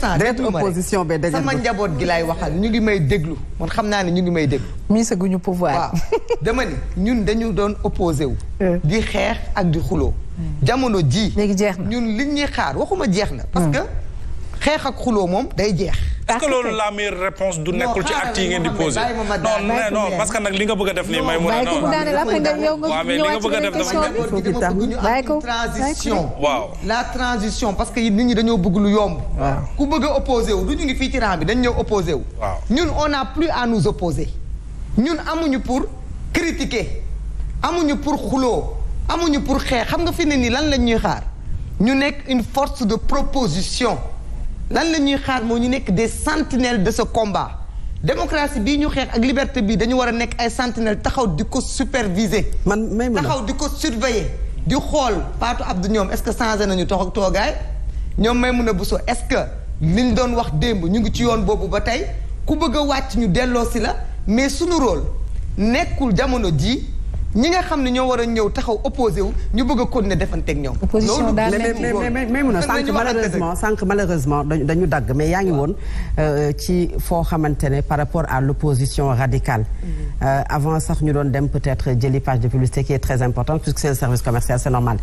ça déglu ma opposition bee dëgg sama njaboot gi laay waxal ñu ngi may déglu man xam naa ne ñu ngi may déglu. mise gu ñu pouvoir. dama ni ñun dañu doon opposé wu. Euh. di xeex ak di xuloo. Hmm. jamono ji léegi jeex ñun li ñuy xaar waxuma jeex na. parce hmm. que. xeexak ak xuloo moom day jeex. est-ce que loolu la meilleure réponse du nekkul ci at yi ngeen di posé non non non parce que a def nii may mun a. non waaw transition. la transition parce que nit ñi dañoo bëgg lu yomb. ku bëgg a opposé wu du ñu fii ci rang bi dañ ñëw opposé ñun on a plus à nous opposer ñun amuñu pour critiquer amuñu pour xuloo amuñu pour xeex xam nga fi ne nii lan lañ ñuy xaar ñu nekk une force de proposition. lan la ñuy xaar moo ñu nekk des sentinelles de ce combat démocratie bii ñu xeex ak liberté bi dañu war a nekk ay sentinelles taxaw di ko superviser. man may taxaw di ko surveiller. di xool Fatou Abdou ñoom est-ce que changé nañu tox ak toogaay ñoom mun a Bousso est-ce que liñ doon wax démb ñu ngi ci yoon boobu ba tey ku bëgg a wàcc ñu delloo si la mais sunu rol nekkul jamono ji ñi nga xam ne ñoo war a ñëw taxaw opposé wu ñu bëgg a continuer defanteeg ñoom. opposition daal mais mun a sànq malheureusement dañu dagg mais yaa ngi woon euh, ci foo xamante ne par rapport à l'opposition radicale. Mm-hmm. Euh, avant sax ñu doon dem peut-être jëli page de publicité qui est très importante puisque c'est un service commercial c'est normal.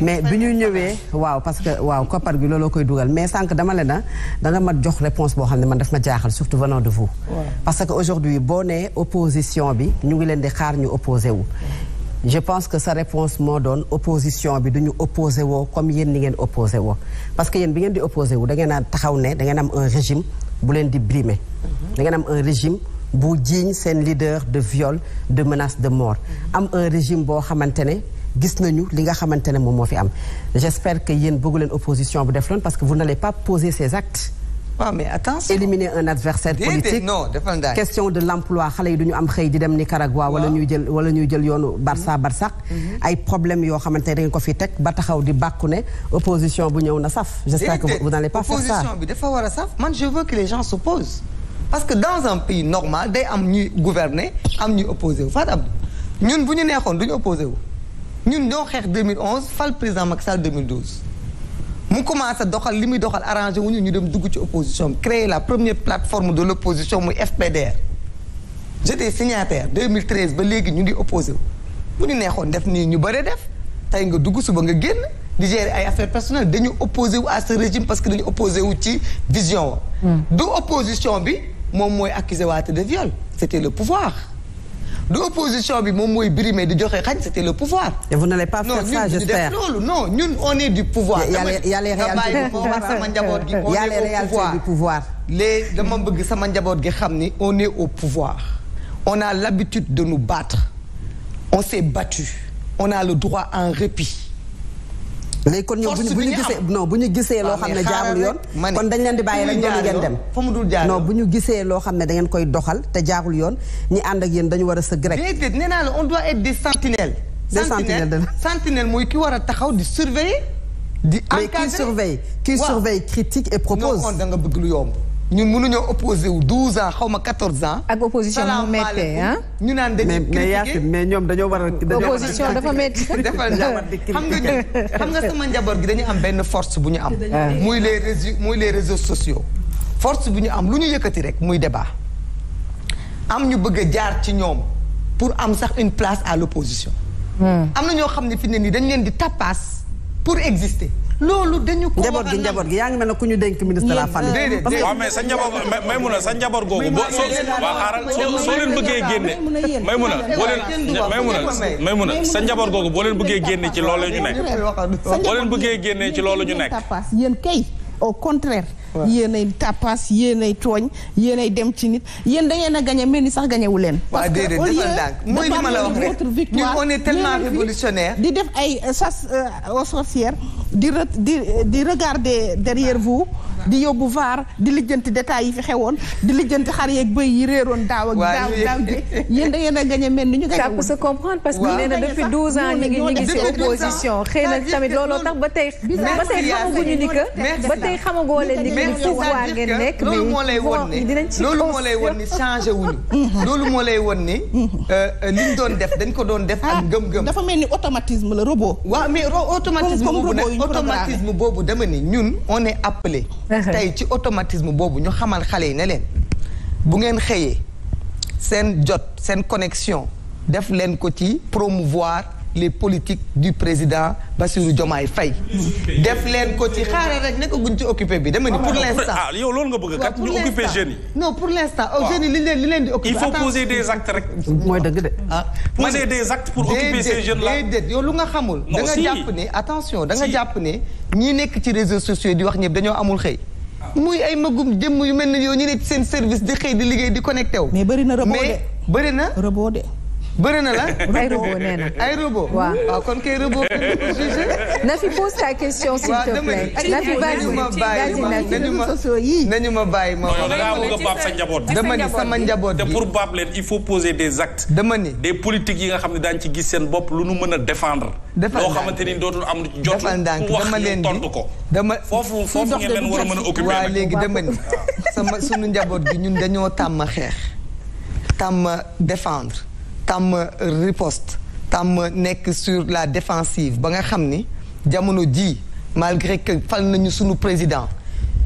mais bi ñu ñëwee waaw parce que waaw koppar gi looloo koy dugal mais sànq dama le na da nga ma jox réponse boo xam ne ma jaaxal surtout venant que aujourd'hui boo nee bi ñu ngi leen di xaar ñu opposé wu. je pense que sa réponse moo doon opposition bi du ñu woo comme yéen ni ngeen opposé woo parce que yéen bi ngeen di opposé wu da ngeen a taxaw ne da am un régime bu leen di brimer da ngeen am un régime bu jiiñ seen leader de viol de menace de mort am un régime boo xamante ne gis nañu li nga xamante ne moom moo fi am j'espère que yéen bëggu leen opposition bu def loon parce que vous n'allez pas poser ces actes waaw mais attention éliminer un adversaire politique non defal naa question de l'emploi xale yi du ñu am xëy di dem Nicaragua wala ñuy jël wala ñuy jël yoonu Barça mhm. Barsax mhm. ay problème yoo xamante ne dañ ko fi teg ba taxaw di bàkku ne opposition bu ñëw na saf j'espère que vous n'allez pas faire ça opposition bi dafa war a saf man je veux que les gens s'opposent parce que dans un pays normal day am ñuy gouverner am ñuy opposé wu Fatou Abdou ñun bu ñu neexoon du ñu opposé wu ñun ñoo xeex 2011 fal président Macky Sall mu commencé doxal li muy doxal arrangé wuñu ñu dem dugg ci opposition bi créer la première plateforme de l' opposition muy FPDR j'étais signataire 2013 ba léegi ñu ngi opposé wu ñu neexoon def nii ñu bëre def tey nga dugg suba nga génn di gérer ay affaires personnelles dañu opposé wu à ce régime parce que dañu opposé wu ci vision wa hmm. du opposition bi moom mooy accusé waate de viol c' était le pouvoir du position bi moom mooy brimé di joxe xañ c'était le pouvoir. et vous n'allez pas faire ça j'espère non ñun on est du pouvoir. y a les a les du pouvoir sama dama bëgg sama njaboot gi xam ni on est au pouvoir. on a l'habitude de nous battre. on s'est battu. on a le droit en un répit. léegi kon ñoom bu ñu gisee non bu ñu gisee loo xam ne jaarul yoon kon dañ leen di bàyyi rek ñoom ngeen dem fa mu dul jaar bu ñu gisee loo xam ne dangeen ngeen koy doxal te jaarul yoon ñi ànd ak yéen dañu war a sëgg rek déedéet nee naa la on doit être des sentinelles sentinelle mooy kii war a taxaw di surveiller di encadrer mais qui surveille qui surveille critique et propose non kon da nga bëgg lu yomb ñun mënuñoo opposé wu 12 ans xaw ma 14 ans. ak opposition mu méttee ah. ñu naan dañuy critiqué mais ñoom dañoo war a. opposition dafa métti. dafa xam nga ñu xam nga sama njaboot gi dañu am benn force bu ñu am. muy les réseaux muy les réseaux sociaux. force bu ñu am lu ñu yëkkati rek muy débat am ñu bëgg a jaar ci ñoom pour am sax une place à l' opposition. Hmm. am na ñoo xam ne fi ne nii dañu leen di tapas pour exister. loolu dañu ko njaboot gi njaboot gi yaa ngi mel ne ku ñu dénk ministre de la famille. may a sa njaboot googu boo soo soo leen bëggee génne may mun a boo leen may mun a a sa njaboot googu boo leen bëggee génne ci loolu ñu nekk boo leen bëggee génne ci loolu ñu nekk au contraire. waaw yéenay tapas yéenay tooñ yéenay dem ci nit yéen da ngeen a gagné mel ni sax gagné leen. parce que au lieu mooy li ma la wax rek victoire on est tellement révolutionnaire. di def ay chasse euh, aux sorcières di di di regarder derrière vous. di yóbbu vaar di lijjanti détails yi fi xewoon di lijjanti xar yeeg bëy yi réeroon daaw ak daaw daaw ji yéen da ngeen gañe mel ni ñu gañe ça peut se comprendre parce que nee na depuis 12 ans ñi ngi tamit looloo tax ba tey ba tey xamaguñu ni que ba tey xamagoo leen ni loolu moo lay won ni loolu changé wuñu loolu moo lay ni li ñu doon def dañ ko doon def ak ah, gëm dafa mel ni automatisme la robot waaw mais automatisme boobu nag boobu dama ni ñun on est appelé tey ci automatisme boobu ñu xamal xale yi ne leen bu ngeen xëyee seen jot seen connexion def leen ko ci promouvoir les politiques du président Bassirou Diomaye Faye. def leen ko ci xaaral rek ne guñ ci occupé bi dama ni pour l'instant. ah yow loolu nga bëgg kat ñu occupé jeunes yi. pour l'instant oh, jeunes yi li leen li leen di. occupé il faut poser des actes rek. mooy dëgg de ah. poser des actes pour occuper ces jeunes là déedéet yow lu nga xamul. da jàpp ne attention da jàpp ne. ñi nekk ci réseaux sociaux di wax ñëpp dañoo amul xëy. muy ay magum jëmm yu mel ne yow ñu ne seen service di xëy di liggéey di connecté wu. mais bëri na reboo bëri na reboo de bëri na la. ay robot nee na. ay ah, kon kay robot kenn ko jugé. pose ta question s'il te plaît. Nafi bàyyi nañu ma bàyyi ma wax. a njaboot. dama ni sama njaboot te pour baab leen il faut poser des actes. dama ni des politiques yi nga xam ne daañu ci gis seen bopp lu nu mën a defendre defal loo xamante ni dootul am jot ku wax ñu tontu ko. foofu foofu leen war a mën a occuper. waaw léegi dama ni njaboot gi ñun dañoo tàmm xeex tàmm défendre tàmm riposte tàmm nekk sur la défensive ba nga xam ni jamono ji malgré que fal nañu suñu président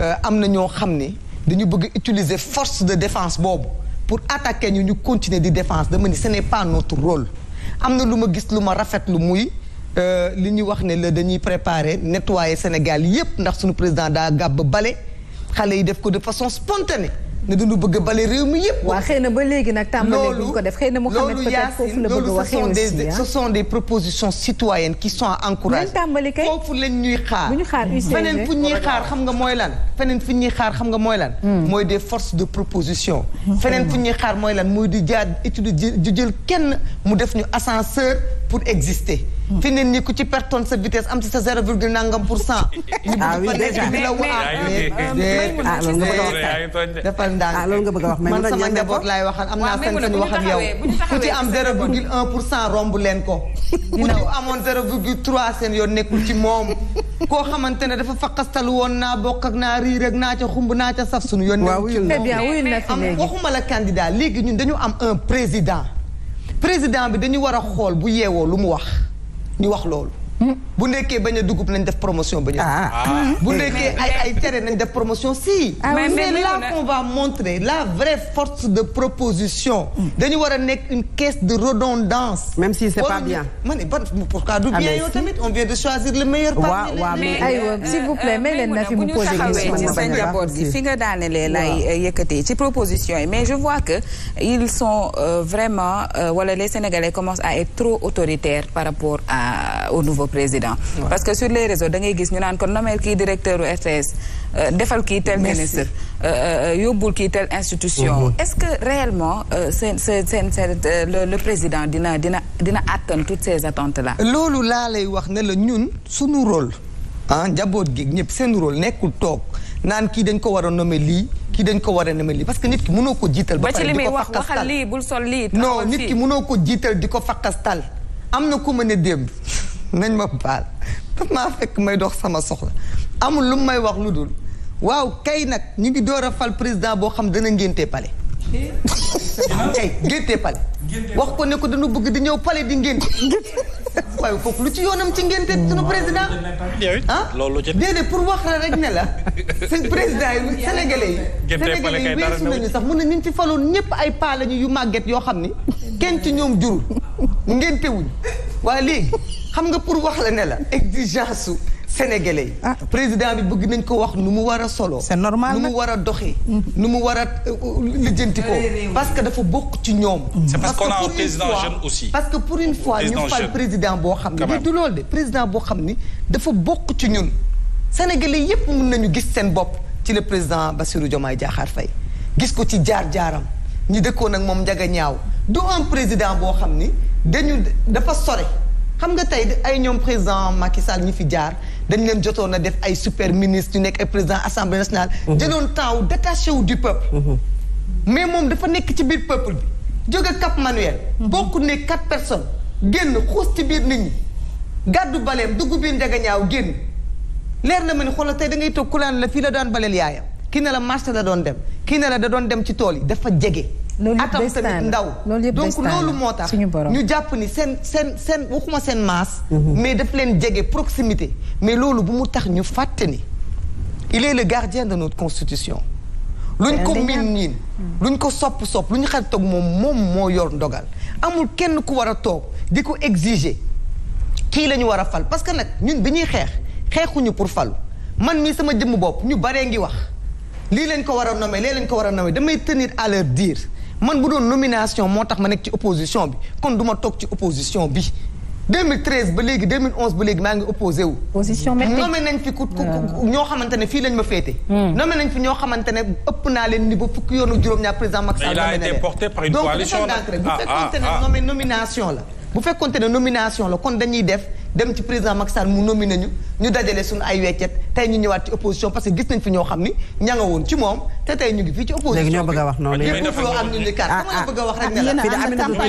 euh, am na ñoo xam ni dañu bëgg utiliser force de défense boobu pour attaquer ñu ñu continuer di défense dama ni ce n'est pas notre rôle am na lu ma gis lu ma rafetlu muy euh, li ñuy wax ne la dañuy préparer nettoyer Sénégal yépp ndax suñu président daa gàbb bale xale yi def ko de façon spontanée ne dañu bëgg a bale réew mi yëpp. waaw xëy na ba léegi nag tàmbali duñ ko def xëy na Mouhamed peut-être foofu la bëgg a waxee aussi ce sont des propositions citoyennes qui sont à encourager. nañ tàmbali kay foofu lañ ñuy xaar. bu ñu xaar UCG feneen fu ñuy xaar xam nga mooy lan. feneen fu ñuy xaar xam nga mooy lan. Hmm. mooy des forces de proposition. Hmm. feneen fu ñuy xaar mooy lan mooy di jaar étude di jël kenn mu def ñu ascenseur. pour exister. fi ne nii ku ci pertoon sa vitesse am ci sa zéro virgule nangam pour cent. ah oui déjà mais loolu nga bëgg a wax man sama njaboot laay waxal am naa sañ-sañ wax ak yow. ku ci am zéro virgule un pour cent romb leen ko. ku ci amoon zéro virgule trois seen yoon nekkul ci moom. koo xamante ne dafa faqastalu woon naa bokk ak naa riir ak naa ca xumb naa ca saf sunu yoon. waaw wuyu na fi léegi am waxuma la candidat léegi ñun dañu am un président bi dañu war a xool bu yeewoo lu mu wax ñu wax loolu hmm. bu nekkee bañ a dugub nañ def promotion bañ a. Ah. Ah. bu nekkee ay ay cere nañ def promotion si. Ah mais mais qu'on va montrer la vraie force de proposition. dañu war a nekk une caisse de redondance. même si c'est pas bien. ma on vient de choisir le meilleur parmi. waaw mais aywa euh, s'il vous plaît may leen na fi mu posé question ci sa njaboot gi fi euh, proposition yi mais je vois que ils sont euh, vraiment wala les sénégalais commencent à être trop autoritaires par rapport à au nouveau président. conscient parce que sur les réseaux da ngay gis ñu naan kon nommer kii directeur u RTS euh, defal kii tel ministre euh, euh, yóbbul kii tel institution est-ce que réellement seen seen seen le président dina dina dina àttan toutes ces attentes là loolu laa lay wax ne la ñun suñu rôle ah njaboot gi ñëpp seen rôle nekkul toog naan kii dañ ko war a nome lii kii dañ ko war a nommer lii parce que nit ki mënoo ko jiital ba pare di ko fakkastal non nit ki jiital di ko fakkastal am na ku ma ne démb nañ ma baal daf maa fekk may dox sama soxla amul lu may wax lu dul waaw kay nag ñi ngi door a fal président boo xam dana ngénte pale kay ngénte pale wax ko ne ko dañu bëgg di ñëw pale di ngénte waaye kooku lu ci yoonam ci ngénte suñu président ah déedéet pour wax la rek ne la président yi sénégalais yi sénégalais yi weesu nañu sax mun na ñu ci faloon ñëpp ay paa lañu yu màgget yoo xam ni kenn ci ñoom jurul ngéntewuñ waa léegi xam nga pour wax la ne la exigence su sénégalais yi. Ah. président bi bëgg nañ ko wax nu mu war a solo. c'est normal nu mu war a doxee. Mm-hmm. nu mu war a euh, euh, lijjanti ko. parce que dafa bokk ci ñoom. Mm-hmm. c'est parce qu'on un président aussi. parce que pour une fois ñu fal président boo xam ne. du loolu de président boo xam ni dafa bokk ci ñun. sénégalais yépp mën nañu gis seen bopp ci le président Bassirou Diomaye Diakhar Faye gis ko ci jaar jaaram ñi dëkkoon ak moom njaga ñaaw. du am président boo xam ni dañu dafa sore xam nga tey ay ñoom président Macky Sall ñi fi jaar dañ leen jotoon a def ay super ministre ñu nekk ay président assemblée nationale mhm. jëloon taawu détaché wu du peuple mhm. mais moom dafa nekk ci biir peuple bi jóge Cap Manuel mhm. bokk ne quatre personne génn xuus ci biir nit ñi gàddu baleem dugg biir njagañaaw génn leer na ma ni xoolal tey dangay ngay toog ku laan la fii la daan baleel yaayam kii ne la marché la doon dem kii ne la dem ci tool yi dafa jege atam tamit ndaw donc loolu moo tax ñu jàpp ni seen seen seen waxuma seen maas mhm. mais daf leen jege proximité mais loolu bu mu tax ñu fàtte ni il est le gardien de notre constitution luñ ko miin miin mhm. luñ ko sopp sopp lu ñu xel toog moom moom moo yor ndogal amul kenn ku war a toog di ko exiger kii la ñu war a fal parce que nag ñun bi ñuy xeex xeexuñu pour falu man mii sama jëmm bopp ñu baree ngi wax lii leen ko war a nommer lee lañ ko war a nommer damay tenir à leur man bu doon nomination moo tax ma nekk ci opposition bi kon du ma ci opposition bi 2013 ba léegi 2011 ba léegi maa ngi opposé wu. position météo nommé nañ fi ku ñoo xamante ne fii lañ ma féete. Hmm. nommé nañ fi ñoo xamante ne ëpp naa leen ni ba fukki yoonu juróom-ñaar président Macky Sall. mais il a été porté par donc bu fekkoonte ne ah, ah, ah. nomination la. bu fekkoonte ne nomination la kon dañuy def. dem ci président Macky Sall mu nominé ñu ñu dajale suñu ay weccet tey ñu ñëwaat ci opposition parce gis nañ fi ñoo xam ni ña woon ci moom te tey ñu ngi fii ci opposition léegi ñoo bëgg a wax noonu léegi ñoo bëgg a wax noonu léegi ñoo bëgg a wax rek ne la